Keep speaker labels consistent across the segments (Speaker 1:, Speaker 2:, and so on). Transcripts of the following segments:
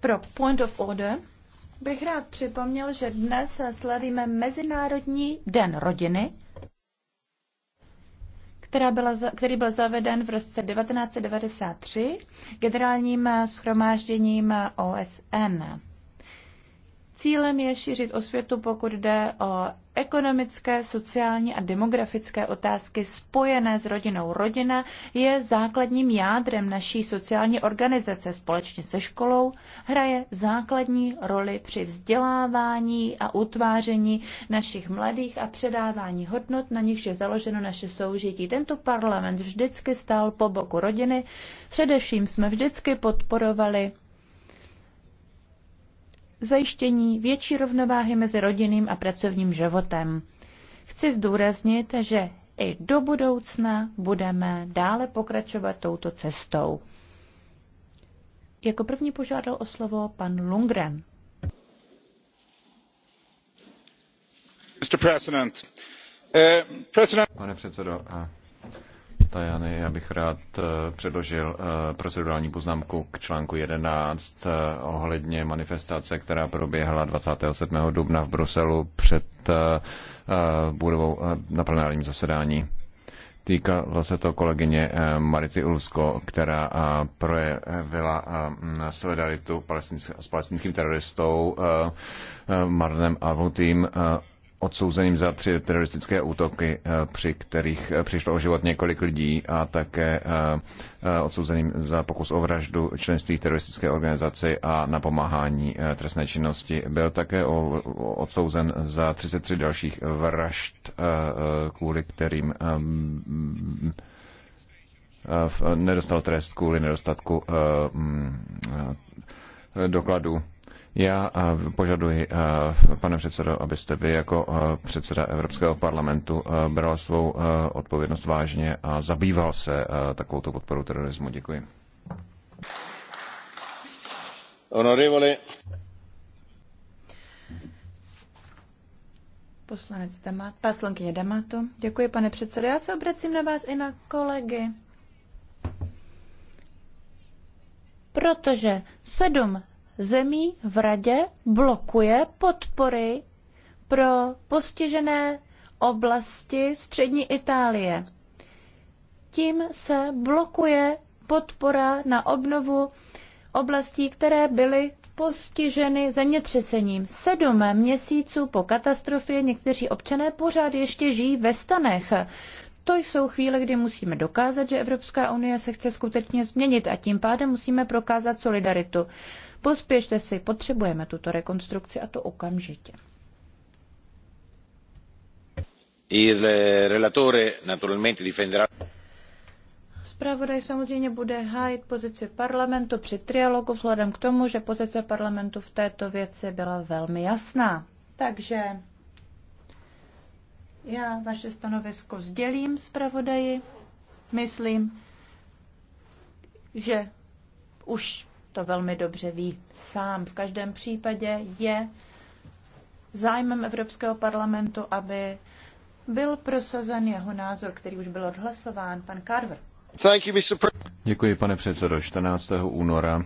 Speaker 1: Pro point of order bych rád připomněl, že dnes slavíme Mezinárodní den rodiny, která byla, který byl zaveden v roce 1993 generálním schromážděním OSN. Cílem je šířit osvětu, pokud jde o ekonomické, sociální a demografické otázky spojené s rodinou. Rodina je základním jádrem naší sociální organizace. Společně se školou hraje základní roli při vzdělávání a utváření našich mladých a předávání hodnot, na nichž je založeno naše soužití. Tento parlament vždycky stál po boku rodiny. Především jsme vždycky podporovali zajištění větší rovnováhy mezi rodinným a pracovním životem. Chci zdůraznit, že i do budoucna budeme dále pokračovat touto cestou. Jako první požádal o slovo pan Lundgren.
Speaker 2: Eh, Pane předsedo, Tajany, já bych rád eh, předložil eh, procedurální poznámku k článku 11 eh, ohledně manifestace, která proběhla 27. dubna v Bruselu před budovou na plenárním zasedání. Týkalo se to kolegyně Marity Ulsko, která projevila solidaritu s palestinským teroristou Marnem Avutým odsouzeným za tři teroristické útoky, eh, při kterých eh, přišlo o život několik lidí a také eh, odsouzeným za pokus o vraždu členství v teroristické organizaci a napomáhání trestné činnosti. Byl také odsouzen za 33 dalších vražd, kvůli kterým nedostal trest kvůli nedostatku dokladů. Já eh, požaduji, eh, pane předsedo, abyste vy jako eh, předseda Evropského parlamentu bral svou odpovědnost vážně a zabýval se takovouto podporou terorismu. Děkuji. Honorevole.
Speaker 1: Poslanec Damat, poslankyně Damato. Děkuji, pane předsedo. Já se obracím na vás i na kolegy. Protože sedm zemí v radě blokuje podpory pro postižené oblasti střední Itálie. Tím se blokuje podpora na obnovu oblastí, které byly postiženy zemětřesením. Sedm měsíců po katastrofě někteří občané pořád ještě žijí ve stanech. To jsou chvíle, kdy musíme dokázat, že Evropská unie se chce skutečně změnit a tím pádem musíme prokázat solidaritu. Pospěšte si, potřebujeme tuto rekonstrukci a to okamžitě.
Speaker 2: Il relatore naturalmente difenderà
Speaker 1: Zpravodaj samozřejmě bude hájit pozici parlamentu při trialogu vzhledem k tomu, že pozice parlamentu v této věci byla velmi jasná. Takže já vaše stanovisko sdělím zpravodaji. Myslím, že už to velmi dobře ví sám. V každém případě je zájmem Evropského parlamentu, aby byl prosazen jeho názor, který už byl odhlasován. Pan Carver.
Speaker 2: Děkuji, pane předsedo. 14. února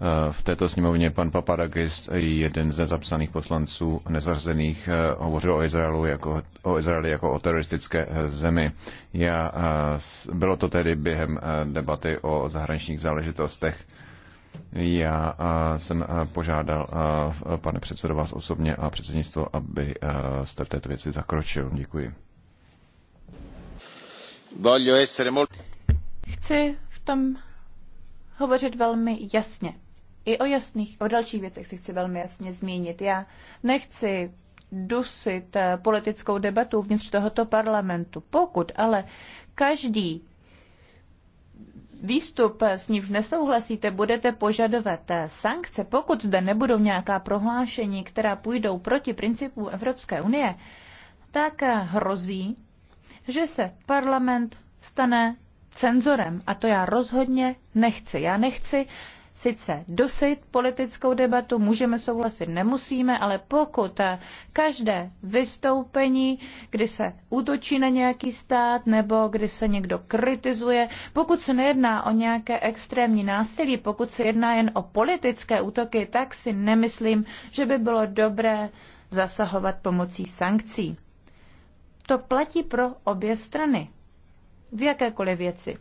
Speaker 2: Eh, v této sněmovně pan Papadakis, jeden ze zapsaných poslanců nezařazených, eh, hovořil o Izraelu jako, o Izraeli jako o teroristické eh, zemi. Já, bylo to tedy během debaty o zahraničních záležitostech. Já jsem požádal, pane předsedo, vás osobně a předsednictvo, aby jste v této věci zakročil. Děkuji.
Speaker 1: Chci v tom hovořit velmi jasně i o jasných, o dalších věcech se chci velmi jasně zmínit. Já nechci dusit eh, politickou debatu vnitř tohoto parlamentu. Pokud ale každý výstup, eh, s nímž nesouhlasíte, budete požadovat eh, sankce, pokud zde nebudou nějaká prohlášení, která půjdou proti principu Evropské unie, tak hrozí, že se parlament stane cenzorem. A to já rozhodně nechci. Já nechci sice dusit politickou debatu, můžeme souhlasit, nemusíme, ale pokud každé vystoupení, kdy se útočí na nějaký stát nebo kdy se někdo kritizuje, pokud se nejedná o nějaké extrémní násilí, pokud se jedná jen o politické útoky, tak si nemyslím, že by bylo dobré zasahovat pomocí sankcí. To platí pro obě strany. V jakékoliv věci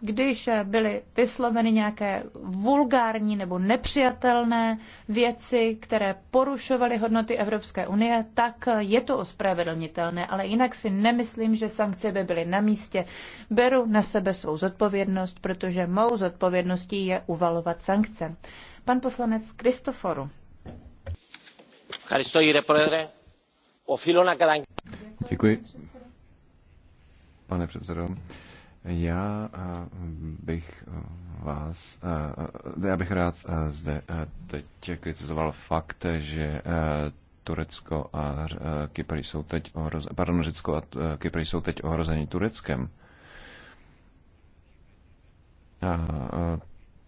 Speaker 1: když byly vysloveny nějaké vulgární nebo nepřijatelné věci, které porušovaly hodnoty Evropské unie, tak je to ospravedlnitelné, ale jinak si nemyslím, že sankce by byly na místě. Beru na sebe svou zodpovědnost, protože mou zodpovědností je uvalovat sankce. Pan poslanec Kristoforu.
Speaker 2: Děkuji, pane předsedo. Já eh, bych eh, vás, eh, já bych rád zde teď kritizoval fakt, že Turecko a Kypr jsou teď ohrozeni, pardon, Řecko a Kypr jsou teď ohrozeni Tureckem. A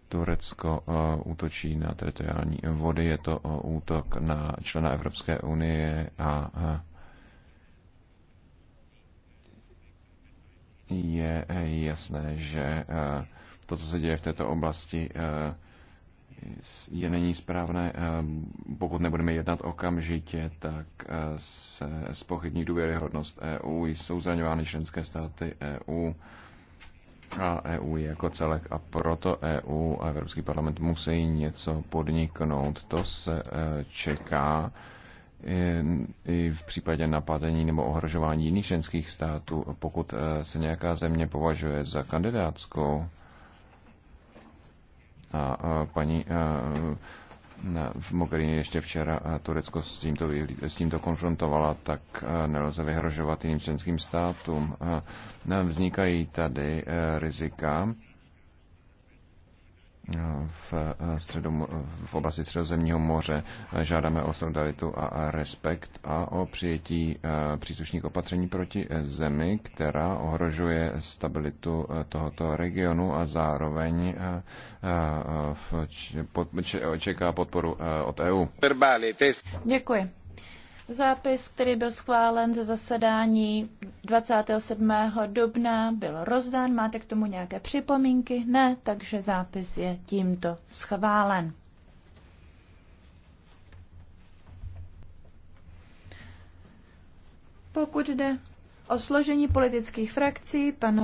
Speaker 2: Turecko útočí na teritoriální vody, je to útok na člena Evropské unie a je eh, jasné, že eh, to, co se děje v této oblasti, eh, je není správné. Pokud nebudeme jednat okamžitě, tak se spochybní důvěryhodnost EU. Jsou zraňovány členské státy EU a EU jako celek a proto EU a Evropský parlament musí něco podniknout. To se čeká i v případě napadení nebo ohrožování jiných členských států, pokud e, se nějaká země považuje za kandidátskou. A paní e, v Mogherini ještě včera e, Turecko s tímto, s tímto konfrontovala, tak nelze vyhrožovat jiným členským státům. Vznikají tady rizika, v, eh, středom, v oblasti Středozemního moře. Žádáme o solidaritu a respekt a o přijetí eh, příslušných opatření proti eh, zemi, která ohrožuje stabilitu tohoto regionu a zároveň čeká podporu od EU.
Speaker 1: Děkuji. Zápis, který byl schválen ze zasedání 27. dubna, byl rozdán. Máte k tomu nějaké připomínky? Ne, takže zápis je tímto schválen. Pokud jde o složení politických frakcí, pan